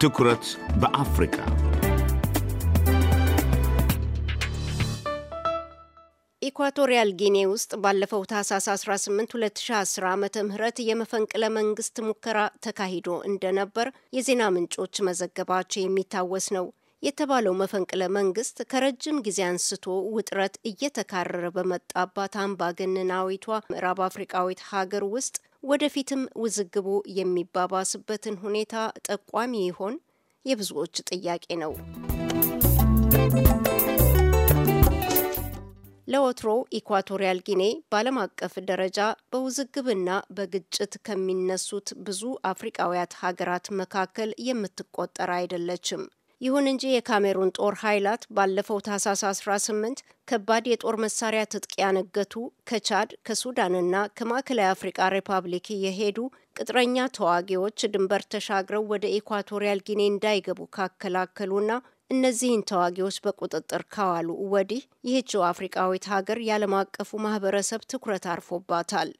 ትኩረት በአፍሪካ ኢኳቶሪያል ጊኔ ውስጥ ባለፈው ታህሳስ 18 2010 ዓ ም የመፈንቅለ መንግስት ሙከራ ተካሂዶ እንደነበር የዜና ምንጮች መዘገባቸው የሚታወስ ነው። የተባለው መፈንቅለ መንግስት ከረጅም ጊዜ አንስቶ ውጥረት እየተካረረ በመጣባት አምባገነናዊቷ ምዕራብ አፍሪቃዊት ሀገር ውስጥ ወደፊትም ውዝግቡ የሚባባስበትን ሁኔታ ጠቋሚ ይሆን? የብዙዎች ጥያቄ ነው። ለወትሮ ኢኳቶሪያል ጊኔ በዓለም አቀፍ ደረጃ በውዝግብና በግጭት ከሚነሱት ብዙ አፍሪቃውያት ሀገራት መካከል የምትቆጠር አይደለችም። ይሁን እንጂ የካሜሩን ጦር ኃይላት ባለፈው ታህሳስ 18 ከባድ የጦር መሳሪያ ትጥቅ ያነገቱ ከቻድ ከሱዳንና ከማዕከላዊ አፍሪቃ ሪፐብሊክ የሄዱ ቅጥረኛ ተዋጊዎች ድንበር ተሻግረው ወደ ኢኳቶሪያል ጊኔ እንዳይገቡ ካከላከሉና እነዚህን ተዋጊዎች በቁጥጥር ካዋሉ ወዲህ ይህችው አፍሪቃዊት ሀገር የዓለም አቀፉ ማህበረሰብ ትኩረት አርፎባታል።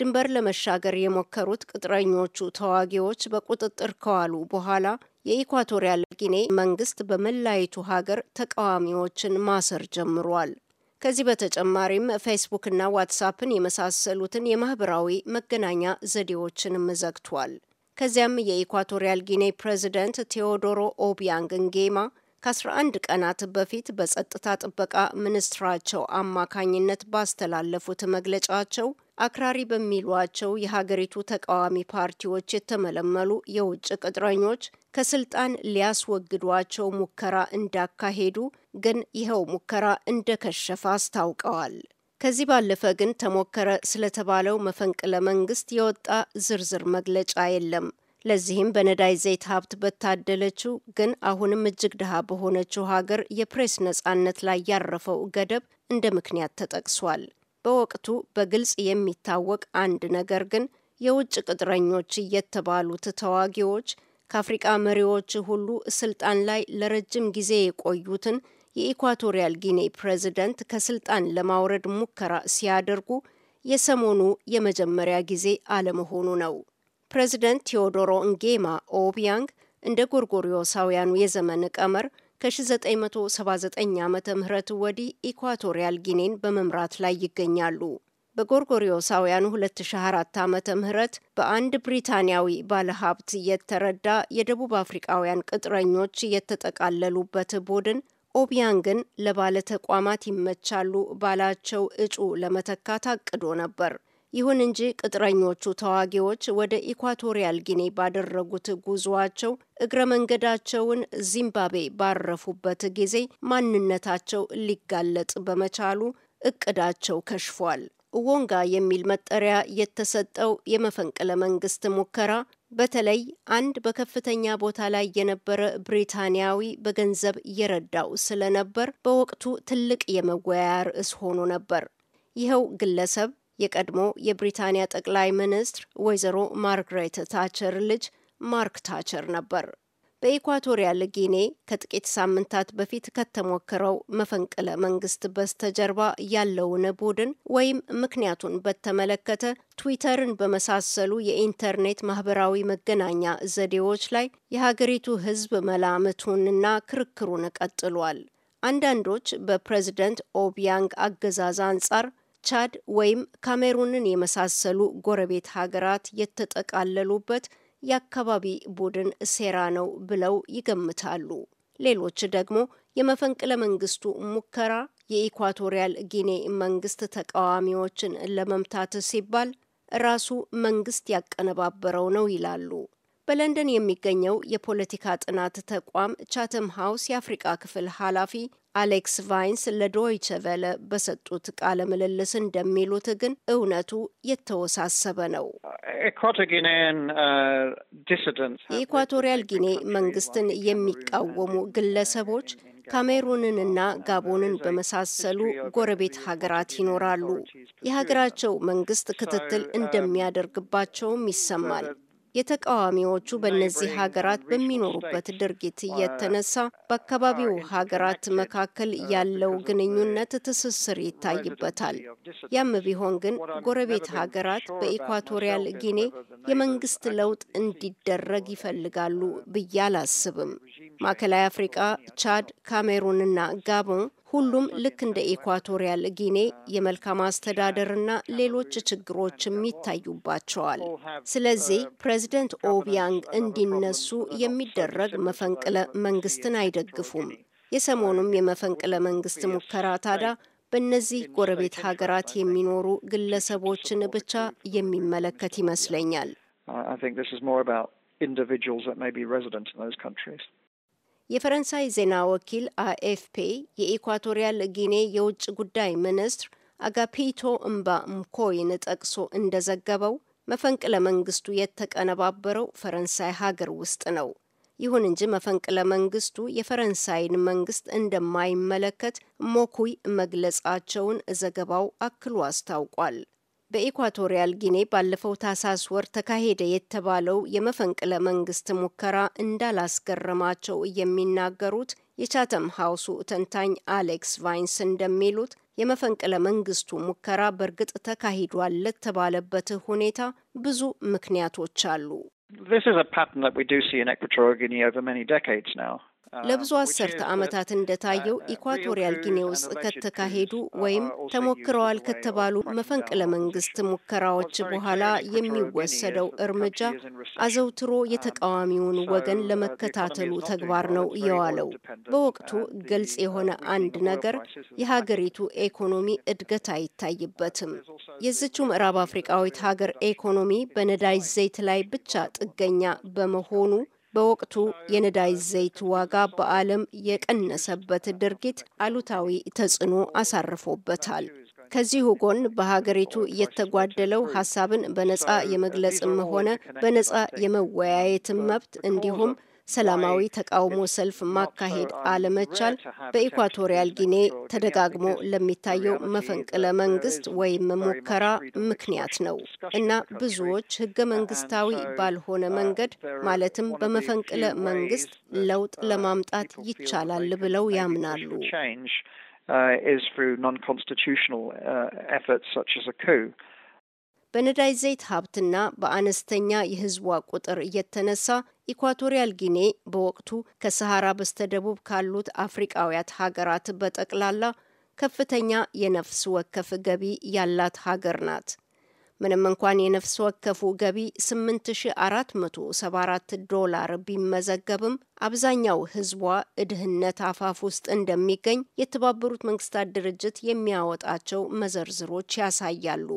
ድንበር ለመሻገር የሞከሩት ቅጥረኞቹ ተዋጊዎች በቁጥጥር ከዋሉ በኋላ የኢኳቶሪያል ጊኔ መንግስት በመላይቱ ሀገር ተቃዋሚዎችን ማሰር ጀምሯል። ከዚህ በተጨማሪም ፌስቡክና ዋትሳፕን የመሳሰሉትን የማህበራዊ መገናኛ ዘዴዎችንም ዘግቷል። ከዚያም የኢኳቶሪያል ጊኔ ፕሬዚደንት ቴዎዶሮ ኦቢያንግ ንጌማ ከ11 ቀናት በፊት በጸጥታ ጥበቃ ሚኒስትራቸው አማካኝነት ባስተላለፉት መግለጫቸው አክራሪ በሚሏቸው የሀገሪቱ ተቃዋሚ ፓርቲዎች የተመለመሉ የውጭ ቅጥረኞች ከስልጣን ሊያስወግዷቸው ሙከራ እንዳካሄዱ ግን ይኸው ሙከራ እንደከሸፈ አስታውቀዋል። ከዚህ ባለፈ ግን ተሞከረ ስለተባለው መፈንቅለ መንግስት የወጣ ዝርዝር መግለጫ የለም። ለዚህም በነዳጅ ዘይት ሀብት በታደለችው ግን አሁንም እጅግ ድሃ በሆነችው ሀገር የፕሬስ ነጻነት ላይ ያረፈው ገደብ እንደ ምክንያት ተጠቅሷል። በወቅቱ በግልጽ የሚታወቅ አንድ ነገር ግን የውጭ ቅጥረኞች የተባሉት ተዋጊዎች ከአፍሪቃ መሪዎች ሁሉ ስልጣን ላይ ለረጅም ጊዜ የቆዩትን የኢኳቶሪያል ጊኔ ፕሬዚደንት ከስልጣን ለማውረድ ሙከራ ሲያደርጉ የሰሞኑ የመጀመሪያ ጊዜ አለመሆኑ ነው። ፕሬዚደንት ቴዎዶሮ እንጌማ ኦቢያንግ እንደ ጎርጎሪዮሳውያኑ የዘመን ቀመር ከ1979 ዓ ም ወዲህ ኢኳቶሪያል ጊኔን በመምራት ላይ ይገኛሉ። በጎርጎሪዮሳውያኑ 2004 ዓመተ ምህረት በአንድ ብሪታንያዊ ባለሀብት የተረዳ የደቡብ አፍሪቃውያን ቅጥረኞች የተጠቃለሉበት ቡድን ኦቢያንግን ለባለ ተቋማት ይመቻሉ ባላቸው እጩ ለመተካት አቅዶ ነበር። ይሁን እንጂ ቅጥረኞቹ ተዋጊዎች ወደ ኢኳቶሪያል ጊኔ ባደረጉት ጉዞአቸው እግረ መንገዳቸውን ዚምባብዌ ባረፉበት ጊዜ ማንነታቸው ሊጋለጥ በመቻሉ እቅዳቸው ከሽፏል። እዎንጋ የሚል መጠሪያ የተሰጠው የመፈንቅለ መንግስት ሙከራ በተለይ አንድ በከፍተኛ ቦታ ላይ የነበረ ብሪታንያዊ በገንዘብ እየረዳው ስለነበር በወቅቱ ትልቅ የመወያያ ርዕስ ሆኖ ነበር። ይኸው ግለሰብ የቀድሞ የብሪታንያ ጠቅላይ ሚኒስትር ወይዘሮ ማርግሬት ታቸር ልጅ ማርክ ታቸር ነበር። በኢኳቶሪያል ጊኔ ከጥቂት ሳምንታት በፊት ከተሞከረው መፈንቅለ መንግስት በስተጀርባ ያለውን ቡድን ወይም ምክንያቱን በተመለከተ ትዊተርን በመሳሰሉ የኢንተርኔት ማህበራዊ መገናኛ ዘዴዎች ላይ የሀገሪቱ ሕዝብ መላምቱንና ክርክሩን ቀጥሏል። አንዳንዶች በፕሬዝደንት ኦቢያንግ አገዛዝ አንጻር ቻድ ወይም ካሜሩንን የመሳሰሉ ጎረቤት ሀገራት የተጠቃለሉበት የአካባቢ ቡድን ሴራ ነው ብለው ይገምታሉ። ሌሎች ደግሞ የመፈንቅለ መንግስቱ ሙከራ የኢኳቶሪያል ጊኔ መንግስት ተቃዋሚዎችን ለመምታት ሲባል ራሱ መንግስት ያቀነባበረው ነው ይላሉ። በለንደን የሚገኘው የፖለቲካ ጥናት ተቋም ቻተም ሀውስ የአፍሪቃ ክፍል ኃላፊ አሌክስ ቫይንስ ለዶይቸ በሰጡት ቃለ ምልልስ እንደሚሉት ግን እውነቱ የተወሳሰበ ነው። uh, የኢኳቶሪያል ጊኔ መንግስትን የሚቃወሙ ግለሰቦች ካሜሩንንና ጋቦንን በመሳሰሉ ጎረቤት ሀገራት ይኖራሉ። የሀገራቸው መንግስት ክትትል um, እንደሚያደርግባቸውም ይሰማል። የተቃዋሚዎቹ በእነዚህ ሀገራት በሚኖሩበት ድርጊት እየተነሳ በአካባቢው ሀገራት መካከል uh, ያለው ግንኙነት ትስስር ይታይበታል። ያም ቢሆን ግን ጎረቤት ሀገራት በኢኳቶሪያል ጊኔ የመንግስት ለውጥ እንዲደረግ ይፈልጋሉ ብዬ uh, አላስብም። ማዕከላዊ አፍሪቃ፣ ቻድ፣ ካሜሩንና ጋቦን ሁሉም ልክ እንደ ኢኳቶሪያል ጊኔ የመልካም አስተዳደርና ሌሎች ችግሮችም ይታዩባቸዋል። ስለዚህ ፕሬዚደንት ኦቢያንግ እንዲነሱ የሚደረግ መፈንቅለ መንግስትን አይደግፉም። የሰሞኑም የመፈንቅለ መንግስት ሙከራ ታዲያ በእነዚህ ጎረቤት ሀገራት የሚኖሩ ግለሰቦችን ብቻ የሚመለከት ይመስለኛል። የፈረንሳይ ዜና ወኪል አኤፍፔ የኢኳቶሪያል ጊኔ የውጭ ጉዳይ ሚኒስትር አጋፒቶ እምባ ምኮይን ጠቅሶ እንደዘገበው መፈንቅለ መንግስቱ የተቀነባበረው ፈረንሳይ ሀገር ውስጥ ነው። ይሁን እንጂ መፈንቅለ መንግስቱ የፈረንሳይን መንግስት እንደማይመለከት ሞኩይ መግለጻቸውን ዘገባው አክሎ አስታውቋል። በኢኳቶሪያል ጊኔ ባለፈው ታሳስ ወር ተካሄደ የተባለው የመፈንቅለ መንግስት ሙከራ እንዳላስገረማቸው የሚናገሩት የቻተም ሀውሱ ተንታኝ አሌክስ ቫይንስ እንደሚሉት የመፈንቅለ መንግስቱ ሙከራ በእርግጥ ተካሂዷል ለተባለበት ሁኔታ ብዙ ምክንያቶች አሉ። ለብዙ አስርተ ዓመታት እንደታየው ኢኳቶሪያል ጊኔ ውስጥ ከተካሄዱ ወይም ተሞክረዋል ከተባሉ መፈንቅለ መንግስት ሙከራዎች በኋላ የሚወሰደው እርምጃ አዘውትሮ የተቃዋሚውን ወገን ለመከታተሉ ተግባር ነው የዋለው። በወቅቱ ግልጽ የሆነ አንድ ነገር የሀገሪቱ ኢኮኖሚ እድገት አይታይበትም። የዝቹ ምዕራብ አፍሪቃዊት ሀገር ኢኮኖሚ በነዳጅ ዘይት ላይ ብቻ ጥገኛ በመሆኑ በወቅቱ የነዳጅ ዘይት ዋጋ በዓለም የቀነሰበት ድርጊት አሉታዊ ተጽዕኖ አሳርፎበታል። ከዚሁ ጎን በሀገሪቱ የተጓደለው ሀሳብን በነጻ የመግለጽም ሆነ በነጻ የመወያየትም መብት እንዲሁም ሰላማዊ ተቃውሞ ሰልፍ ማካሄድ um, አለመቻል በኢኳቶሪያል ጊኔ ተደጋግሞ ለሚታየው መፈንቅለ መንግስት ወይም ሙከራ ምክንያት ነው እና ብዙዎች ህገ መንግስታዊ ባልሆነ uh, መንገድ ማለትም በመፈንቅለ መንግስት ለውጥ uh, ለማምጣት ይቻላል ብለው ያምናሉ። uh, በነዳጅ ዘይት ሀብትና በአነስተኛ የህዝቧ ቁጥር እየተነሳ ኢኳቶሪያል ጊኔ በወቅቱ ከሰሃራ በስተደቡብ ካሉት አፍሪቃውያት ሀገራት በጠቅላላ ከፍተኛ የነፍስ ወከፍ ገቢ ያላት ሀገር ናት። ምንም እንኳን የነፍስ ወከፉ ገቢ 8474 ዶላር ቢመዘገብም አብዛኛው ሕዝቧ እድህነት አፋፍ ውስጥ እንደሚገኝ የተባበሩት መንግስታት ድርጅት የሚያወጣቸው መዘርዝሮች ያሳያሉ።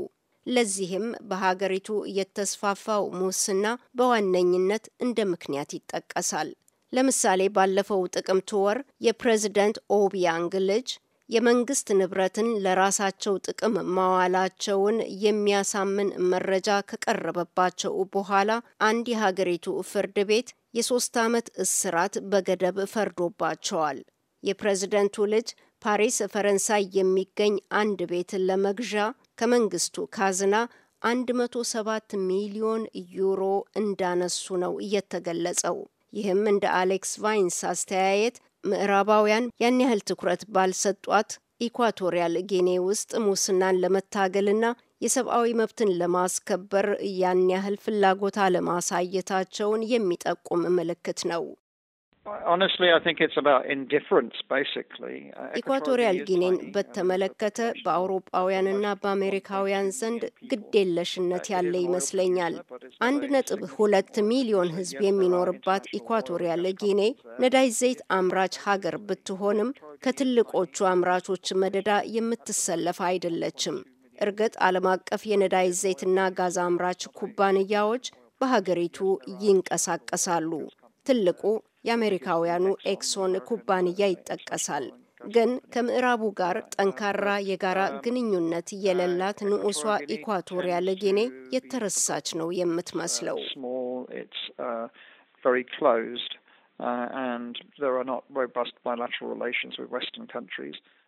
ለዚህም በሀገሪቱ የተስፋፋው ሙስና በዋነኝነት እንደ ምክንያት ይጠቀሳል። ለምሳሌ ባለፈው ጥቅምት ወር የፕሬዝደንት ኦቢያንግ ልጅ የመንግስት ንብረትን ለራሳቸው ጥቅም ማዋላቸውን የሚያሳምን መረጃ ከቀረበባቸው በኋላ አንድ የሀገሪቱ ፍርድ ቤት የሶስት ዓመት እስራት በገደብ ፈርዶባቸዋል። የፕሬዝደንቱ ልጅ ፓሪስ ፈረንሳይ የሚገኝ አንድ ቤት ለመግዣ ከመንግስቱ ካዝና 107 ሚሊዮን ዩሮ እንዳነሱ ነው እየተገለጸው። ይህም እንደ አሌክስ ቫይንስ አስተያየት ምዕራባውያን ያን ያህል ትኩረት ባልሰጧት ኢኳቶሪያል ጊኔ ውስጥ ሙስናን ለመታገልና የሰብአዊ መብትን ለማስከበር ያን ያህል ፍላጎት አለማሳየታቸውን የሚጠቁም ምልክት ነው። Uh, ኢኳቶሪያል ጊኒን uh, በተመለከተ በአውሮጳውያንና በአሜሪካውያን ዘንድ ግዴለሽነት uh, ያለ ይመስለኛል። አንድ ነጥብ ሁለት ሚሊዮን ሕዝብ የሚኖርባት ኢኳቶሪያል ጊኔ ነዳጅ ዘይት አምራች ሀገር ብትሆንም ከትልቆቹ አምራቾች መደዳ የምትሰለፍ አይደለችም። እርግጥ ዓለም አቀፍ የነዳጅ ዘይትና ጋዝ አምራች ኩባንያዎች በሀገሪቱ ይንቀሳቀሳሉ። ትልቁ የአሜሪካውያኑ ኤክሶን ኩባንያ ይጠቀሳል። ግን ከምዕራቡ ጋር ጠንካራ የጋራ ግንኙነት የሌላት ንዑሷ ኢኳቶሪያል ጊኔ የተረሳች ነው የምትመስለው። uh,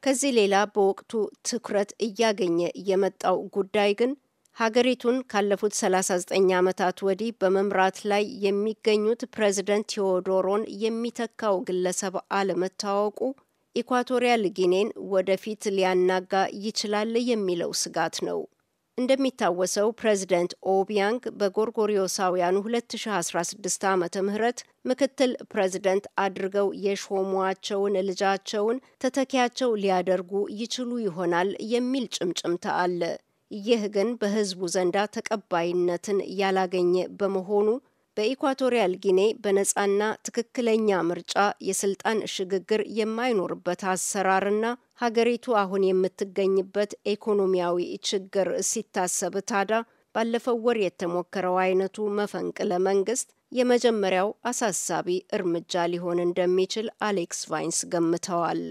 ከዚህ ሌላ በወቅቱ ትኩረት እያገኘ የመጣው ጉዳይ ግን ሀገሪቱን ካለፉት 39 ዓመታት ወዲህ በመምራት ላይ የሚገኙት ፕሬዝደንት ቴዎዶሮን የሚተካው ግለሰብ አለመታወቁ ኢኳቶሪያል ጊኔን ወደፊት ሊያናጋ ይችላል የሚለው ስጋት ነው። እንደሚታወሰው ፕሬዝደንት ኦቢያንግ በጎርጎሪዮሳውያኑ 2016 ዓ ምህረት ምክትል ፕሬዝደንት አድርገው የሾሟቸውን ልጃቸውን ተተኪያቸው ሊያደርጉ ይችሉ ይሆናል የሚል ጭምጭምታ አለ። ይህ ግን በህዝቡ ዘንዳ ተቀባይነትን ያላገኘ በመሆኑ በኢኳቶሪያል ጊኔ በነፃና ትክክለኛ ምርጫ የስልጣን ሽግግር የማይኖርበት አሰራርና ሀገሪቱ አሁን የምትገኝበት ኢኮኖሚያዊ ችግር ሲታሰብ ታዳ ባለፈው ወር የተሞከረው አይነቱ መፈንቅለ መንግስት የመጀመሪያው አሳሳቢ እርምጃ ሊሆን እንደሚችል አሌክስ ቫይንስ ገምተዋል።